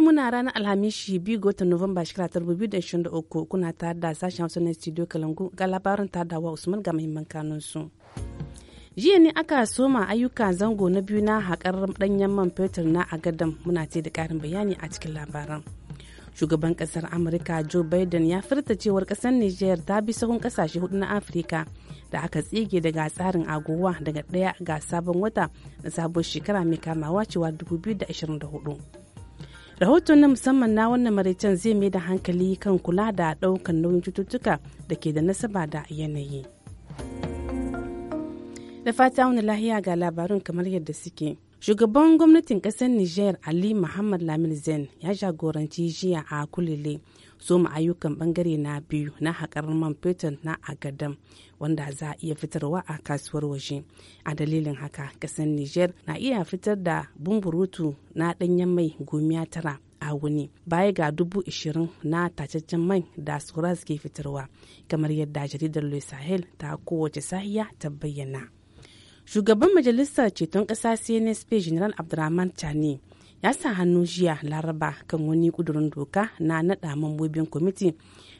yau muna ranar alhamishi biyu ga watan nuwamba shekara ta rubu biyu da shan da uku kuna ta da sashen hausa na studio kalangu ga labarin wa usman ga mahimman kanun su jiya ne aka soma ayyuka zango na biyu na haƙar ɗanyen man fetur na agadam muna ce da ƙarin bayani a cikin labaran shugaban ƙasar amurka joe biden ya furta cewar ƙasar niger ta bi sahun ƙasashe hudu na afirka da aka tsige daga tsarin agowa daga ɗaya ga sabon wata na sabon shekara mai kamawa cewa 2024 rahoton na musamman na wannan maraicen zai mai da hankali kan kula da ɗaukan nauyin cututtuka da ke da nasaba da yanayi da fata wani lahiya ga labarun kamar yadda suke shugaban gwamnatin kasar niger ali muhammad lamin zen ya jagoranci jiya a kulile soma ayyukan bangare na biyu na haƙar man fetur na agadam wanda za a iya fitarwa a kasuwar waje a dalilin haka kasar niger na iya fitar da bumburutu na ɗanyen mai gomiya tara a wuni baya ga dubu ishirin na tacaccen mai da suras ke fitarwa kamar yadda jaridar louis sahel ta kowace sahiya ta bayyana shugaban majalisar ceton ƙasa cnsp general abdulrahman tani ya sa hannu jiya laraba kan wani kudurin doka na naɗa mambobin kwamiti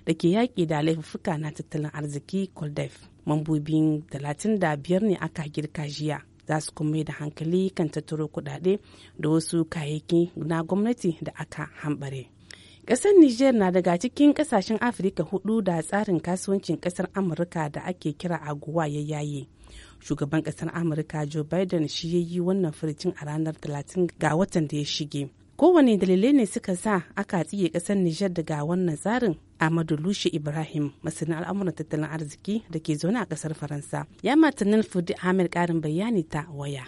da ke yaƙi da laifuka na tattalin arziki koldef mambobin biyar ne aka girka jiya za su kuma da hankali kan tattaro kuɗaɗe da wasu kayayyaki na gwamnati da aka hambare. Ƙasar niger na daga cikin ƙasashen Afirka hudu da tsarin kasuwancin ƙasar Amurka da ake kira aguwa ya yaye. shugaban ƙasar amurka joe biden shi ya yi wannan furicin a ranar 30 ga watan da ya shige kowane dalilai ne suka sa aka tsige ƙasar nijar daga wannan tsarin Amadu Lushe Ibrahim masanin al'amuran tattalin arziki da ke zaune a kasar Faransa. Ya matanin Fudi Ahmed karin bayani ta waya.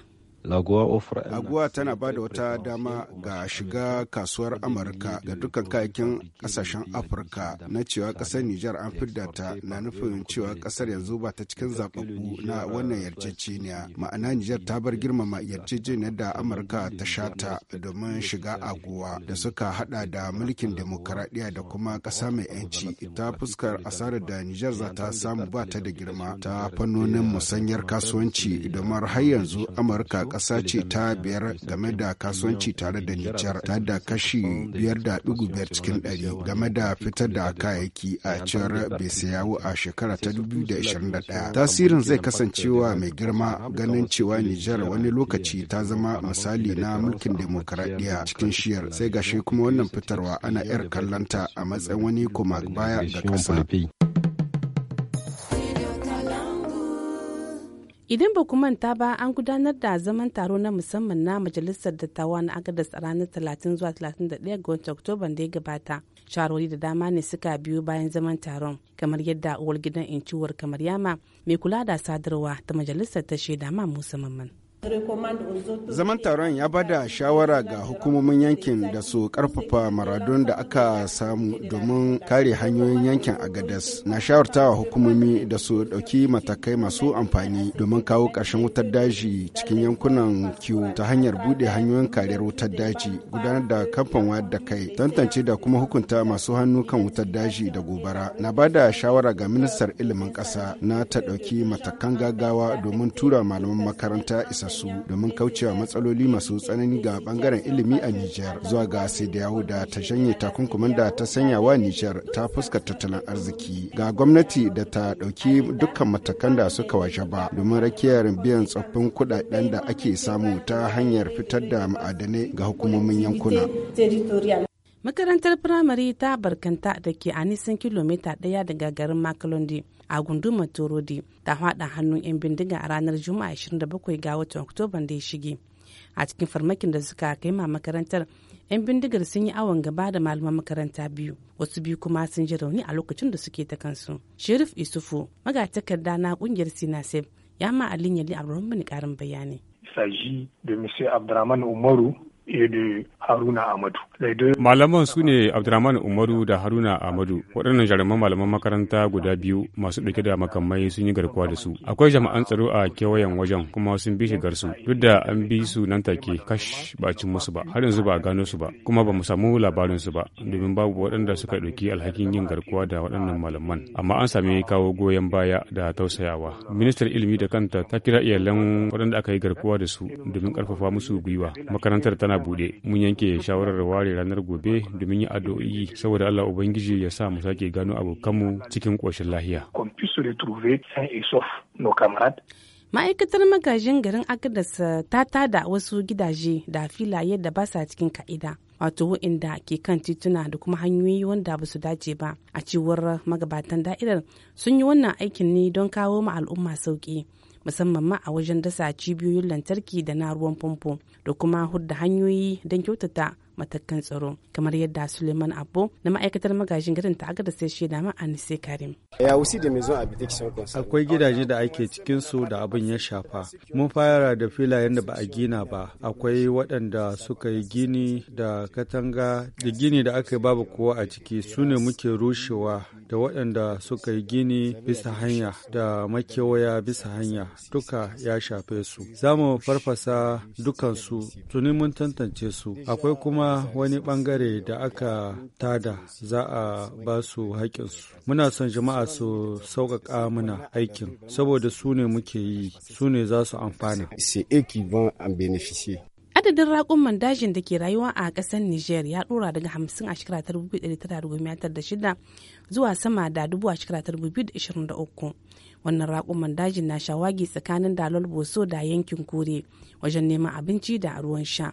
aguwa tana ba da wata dama ga shiga kasuwar amurka ga dukkan kayakin kasashen afirka na cewa kasar nijar an fidda ta na nufin cewa kasar yanzu ba ta cikin zaɓaɓɓu na wannan yarjejeniya ma'ana nijar ta bar girmama yarjejeniyar da amurka ta shata domin shiga aguwa da suka hada da mulkin demokaradiyya da kuma ƙasa mai yanci ta fuskar asarar da nijar za ta samu ba ta da girma ta fannonin musanyar kasuwanci domin har yanzu amurka ƙasa ce ta biyar game da kasuwanci tare da Nijar ta da kashi biyar da ɗigo biyar cikin ɗari game da fitar da kayayyaki a cewar yawo a shekara ta 2021. Tasirin zai kasancewa mai girma ganin cewa Nijar wani lokaci ta zama misali na mulkin demokaradiyya cikin shiyar sai gashi kuma wannan fitarwa ana 'yar kallanta a matsayin wani koma baya ga ƙasa. Idan ba ku manta ba an gudanar da zaman taro na musamman na Majalisar Dattawa na Agadas a ranar 30 zuwa 31 ga watan oktoba da ya gabata. Sharori da dama ne suka biyu bayan zaman taron kamar yadda uwar gidan inciwar kamar yama mai kula da sadarwa ta majalisar ta shaida ma musamman. Zaman taron ya bada shawara ga hukumomin yankin da su karfafa maradun da aka samu domin kare hanyoyin yankin Agadas. Na shawartawa hukumomi da su ɗauki matakai masu amfani domin kawo ƙarshen wutar daji cikin yankunan kiwo ta hanyar buɗe hanyoyin kariyar wutar daji, gudanar da kamfan wayar da kai, tantance da kuma hukunta masu hannu kan wutar daji da gobara. Na bada shawara ga ministar ilimin ƙasa na ta ɗauki matakan gaggawa domin tura malaman makaranta isa su domin kaucewa matsaloli masu tsanani ga bangaren ilimi a Nijar zuwa ga sai da yahuda ta shanye takunkumin da ta sanya wa Nijar ta fuskar tattalin arziki ga gwamnati da ta ɗauki dukkan matakan da suka washe ba domin rakiyar biyan tsoffin kuɗaɗen da ake samu ta hanyar fitar da ma'adanai ga hukumomin yankuna. Makarantar firamare ta barkanta da ke a nisan kilomita daya daga garin Makalondi a gundumar Torodi ta haɗa hannun 'yan bindiga a ranar Juma'a 27 ga watan oktoba da ya shige. A cikin farmakin da suka kai ma makarantar, 'yan bindigar sun yi awon gaba da malaman makaranta biyu, wasu biyu kuma sun ji rauni a lokacin da suke ta kansu. Sherif Isufu, magatakarda na kungiyar Sinasef, ya ma Alin Yali Abdulrahman karin bayani. s'agit de monsieur Abdraman Umaru da Haruna Amadu. Malaman su ne Abdurrahman Umaru da Haruna Amadu, waɗannan jaruman malaman makaranta guda biyu masu ɗauke da makamai sun yi garkuwa da su. Akwai jama'an tsaro a kewayen wajen kuma sun bi shigar su, duk da an bi su nan take kash ba cin musu ba, har yanzu ba a gano su ba, kuma ba mu samu labarin su ba, domin babu waɗanda suka ɗauki alhakin yin garkuwa da waɗannan malaman. Amma an sami kawo goyon baya da tausayawa. Ministar ilimi da kanta ta kira iyalan waɗanda aka yi garkuwa da su domin ƙarfafa musu gwiwa. Makarantar tana ana bude mun yanke shawarar ware ranar gobe domin yi addu'o'i saboda Allah ubangiji ya sa mu sake gano abokanmu cikin koshin lahiya ma'aikatar magajin garin agadas ta tada wasu gidaje da filaye da ba sa cikin ka'ida wato wa'inda ke kan tituna da kuma hanyoyi wanda ba su dace ba a cewar magabatan da'irar sun yi wannan aikin ne don kawo ma al'umma sauki musamman ma a wajen dasa cibiyoyin lantarki da na ruwan famfo da kuma hudda hanyoyi don kyautata matakan tsaro kamar yadda Suleiman Abbo na ma'aikatar magajin garin ta agada sai shi dama a nise Karim. Akwai gidaje da ake cikin su da abin ya shafa. Mun fara da filayen da ba a gina ba. Akwai waɗanda suka yi gini da katanga da gini da aka yi babu kowa a ciki su ne muke rushewa da waɗanda suka yi gini bisa hanya da makewaya bisa hanya duka ya shafe su. Za mu farfasa dukansu tuni mun tantance su. Akwai kuma kuma wani bangare da aka tada za a ba su haƙƙinsu. Muna son jama'a su sauƙaƙa mana aikin, saboda su ne muke yi, su ne za su amfana. Adadin raƙun mandajin da ke rayuwa a ƙasar Nijar ya ɗora daga 50 a shekarar 1996 zuwa sama da 2 a shekarar 2023. Wannan raƙun mandajin na shawagi tsakanin Dalol Boso da yankin kore wajen neman abinci da ruwan sha.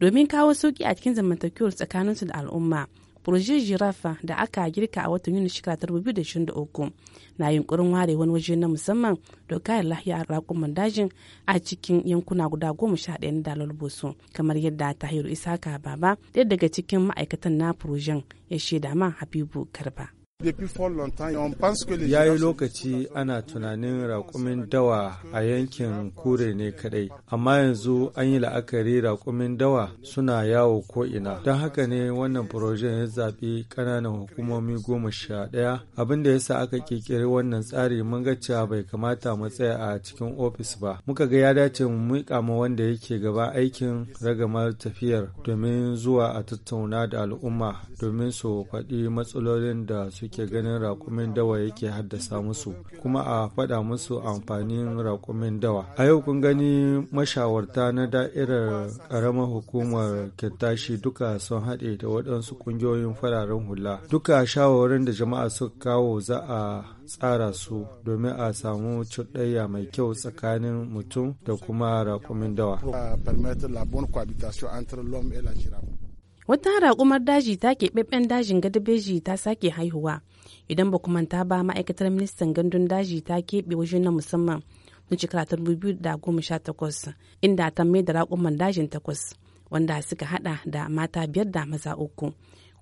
domin kawo sauki a cikin zamantakewar tsakaninsu da al'umma proje jirafa da aka girka a watan yuni shekara ta uku na yunkurin ware wani waje na musamman da kayan lahiya raƙuman dajin a cikin yankuna guda goma sha daya na dalar boso kamar yadda tahiru isaka baba ɗaya daga cikin ma'aikatan na projen ya shaida ma habibu karba Ya yi lokaci ana tunanin raƙumin dawa a yankin kure ne kaɗai amma yanzu an yi la'akari raƙumin dawa suna yawo ko'ina. Don haka ne wannan furojen ya zaɓi ƙananan hukumomi goma sha ɗaya. Abin da ya sa aka ƙirƙiri wannan tsari mun ga cewa bai kamata mu tsaya a cikin ofis ba. Muka ga ya dace mu miƙa ma wanda yake gaba aikin ragamar tafiyar domin zuwa a tattauna da al'umma domin su faɗi matsalolin da suke suke ganin raƙumin dawa yake haddasa musu kuma a faɗa musu amfanin raƙumin dawa a yau kun gani mashawarta na da'irar karamar hukumar kirtashi duka sun haɗe da waɗansu ƙungiyoyin fararen hula duka shawarin da jama'a suka kawo za a tsara su domin a samu cuɗayya mai kyau tsakanin mutum da kuma raƙumin dawa euh, Wata raƙumar daji ta keɓaɓɓen dajin gadabeji ta sake haihuwa. Idan ba ta ba ma'aikatar ministan gandun daji ta keɓe waje na musamman na shekara ta 2018 inda ta mai da raƙuman dajin takwas wanda suka hada da mata biyar da maza uku.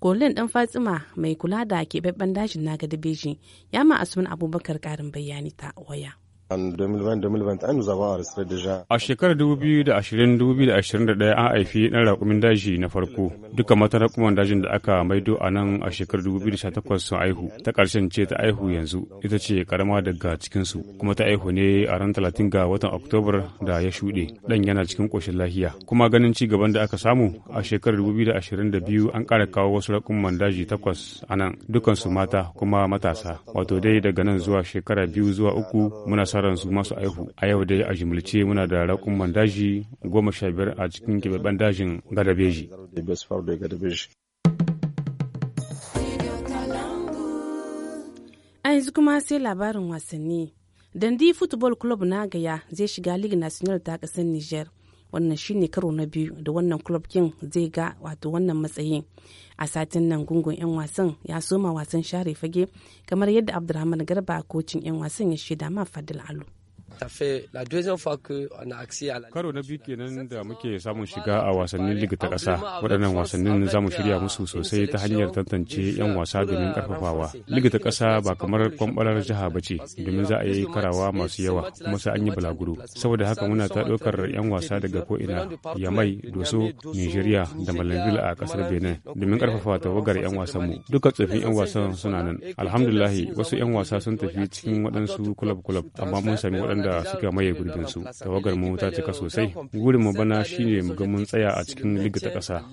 Kolin ɗan Fatsima mai kula da keɓaɓɓen dajin na gadabeji ya ma asumin Abubakar ƙarin bayani ta waya. A shekarar 2020-2021 an haifi ɗan raƙumin daji na farko. Duka matan raƙuman dajin da aka maido a nan a shekarar 2018 sun aihu. Ta ƙarshen ce ta aihu yanzu, ita ce karama daga cikinsu, kuma ta aihu ne a ran 30 ga watan Oktobar da ya shuɗe. Ɗan yana cikin ƙoshin lahiya. Kuma ganin ci gaban da aka samu a shekarar 2022 an ƙara kawo wasu raƙuman daji takwas a nan, dukansu mata kuma matasa. Wato dai daga nan zuwa shekara biyu zuwa uku muna sa sa su masu aihu a yau dai a jimlice muna da raƙuman daji goma sha biyar a cikin keɓaɓɓen dajin gadabeji a yanzu kuma sai labarin wasanni dandi football club na gaya zai shiga league national ta ƙasar niger wannan shine karo na biyu da wannan club kin zai ga wato wannan matsayin a satin nan gungun 'yan wasan ya soma wasan share fage kamar yadda abdulrahman garba kocin 'yan wasan ya shaida ma fadil alu Karo na biyu kenan da muke samun shiga a wasannin liga ta ƙasa. Waɗannan wasannin za mu shirya musu sosai ta hanyar tantance 'yan wasa domin ƙarfafawa. Liga ta ƙasa ba kamar kwamɓalar jiha ba ce domin za a yi karawa masu yawa kuma sai an yi balaguro Saboda haka muna ta ɗaukar 'yan wasa daga ko'ina Yamai, Doso, Nigeria da Malanville a ƙasar Benin domin ƙarfafa tawagar 'yan wasanmu. Duka tsofin 'yan wasan suna nan. Alhamdulahi wasu 'yan wasa sun tafi cikin waɗansu kulab-kulab amma mun sami waɗanda da suka maye gurbinsu tawagar mu ta cika sosai gurin mu bana shine mu ga mun tsaya a cikin liga ta ƙasa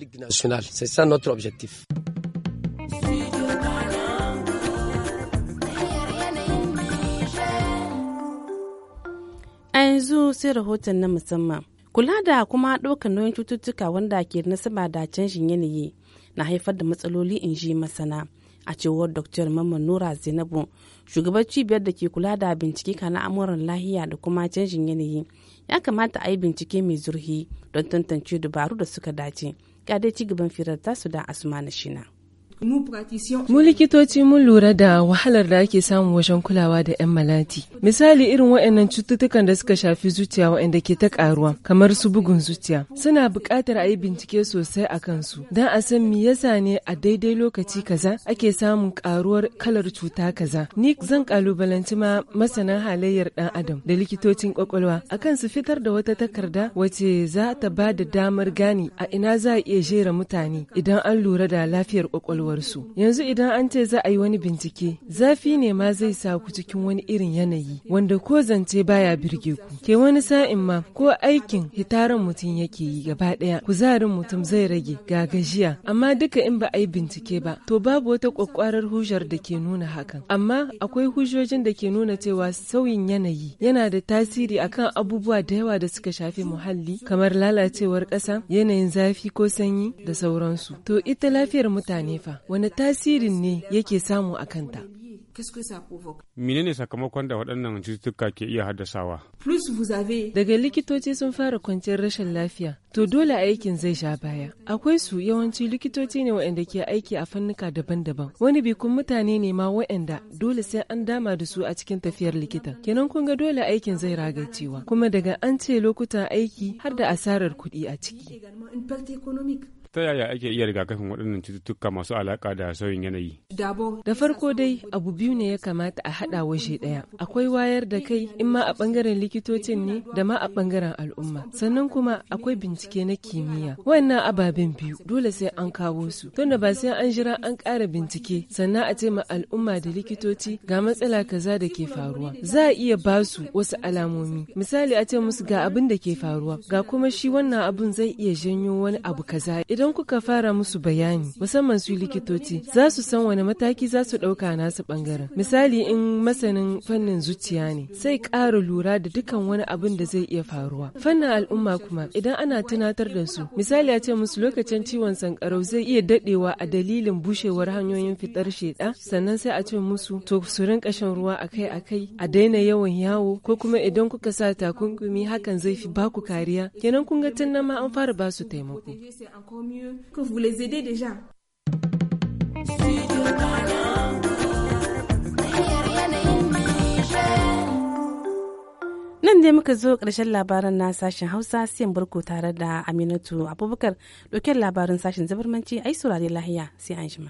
a yanzu sai rahoton na musamman kula da kuma ɗaukar nauyin cututtuka wanda ke nasaba da canjin yanayi na haifar da matsaloli in ji masana a cewar dr mamman nura zainabu shugabar cibiyar da ke kula da bincike kan amuran lahiya da kuma canjin yanayi ya kamata a yi bincike mai zurfi don tantance dabaru da suka dace ga dai ci gaban firar tasu da asma na shina Mu likitoci mun lura da wahalar da ake samu wajen kulawa da 'yan malati. Misali irin waɗannan cututtukan da suka shafi zuciya waɗanda ke ta ƙaruwa, kamar su bugun zuciya. Suna buƙatar a yi bincike sosai a kansu, don a san me yasa ne a daidai lokaci kaza ake samun ƙaruwar kalar cuta kaza. Ni zan ƙalubalanci ma masana halayyar ɗan adam da likitocin ƙwaƙwalwa akan su fitar da wata takarda wace za ta ba da damar gane a ina za a iya jera mutane idan an lura da lafiyar ƙwaƙwalwa. kwakwalwarsu. Yanzu idan an ce za a yi wani bincike, zafi ne ma zai sa ku cikin wani irin yanayi wanda ko zance baya birge ku. Ke wani sa'in ma ko aikin hitaran mutum yake yi gaba ɗaya kuzarin mutum zai rage ga gajiya amma duka in ba a yi bincike ba to babu wata kwakwarar hujjar da ke nuna hakan. Amma akwai hujjojin da ke nuna cewa sauyin yanayi yana da tasiri akan abubuwa da yawa da suka shafi muhalli kamar lalacewar ƙasa, yanayin zafi ko sanyi da sauransu. To ita lafiyar mutane fa wani tasirin ne yake samu a kanta menene sakamakon da waɗannan cututtuka ke iya haddasawa daga likitoci sun fara kwanciyar rashin lafiya to dole aikin zai sha baya akwai su yawanci likitoci ne waɗanda ke aiki a fannuka daban-daban wani bikun mutane ne ma waɗanda dole sai an dama da su a cikin tafiyar likita kenan kun ga dole aikin zai ragacewa kuma daga an ce lokutan aiki har da asarar kuɗi a ciki ta yaya ake iya rigakafin waɗannan cututtuka masu alaƙa da sauyin yanayi? Da farko dai abu biyu ne ya kamata a haɗa waje ɗaya. Akwai wayar da kai in ma a ɓangaren likitocin ne da ma a ɓangaren al'umma. Sannan kuma akwai bincike na kimiyya. Wannan ababen biyu dole sai an kawo su. Tunda ba sai an jira an ƙara bincike sannan a ce ma al'umma da likitoci ga matsala kaza da ke faruwa. Za a iya ba su wasu alamomi. Misali a ce musu ga abin da ke faruwa ga kuma shi wannan abun zai iya janyo wani abu kaza. Idan Idan kuka fara musu bayani, musamman su likitoci, za su san wani mataki za su ɗauka nasu ɓangaren. Misali in masanin fannin zuciya ne, sai ƙara lura da dukkan wani abin da zai iya faruwa. Fannin al'umma kuma, idan ana tunatar da su, misali a ce musu lokacin ciwon sankarau zai iya daɗewa a dalilin bushewar hanyoyin fitar sheɗa, sannan sai a ce musu to su rinka shan ruwa akai-akai, a daina yawan yawo, ko kuma idan kuka sa takunkumi hakan zai fi baku kariya. Kenan kun ga tun nan ma an fara ba su taimako. mieux, que vous les aidez déjà. Nan dai muka zo ƙarshen labaran na sashen Hausa siyan barko tare da Aminatu Abubakar dokin labarin sashen zabarmanci ai saurare lahiya sai an shima.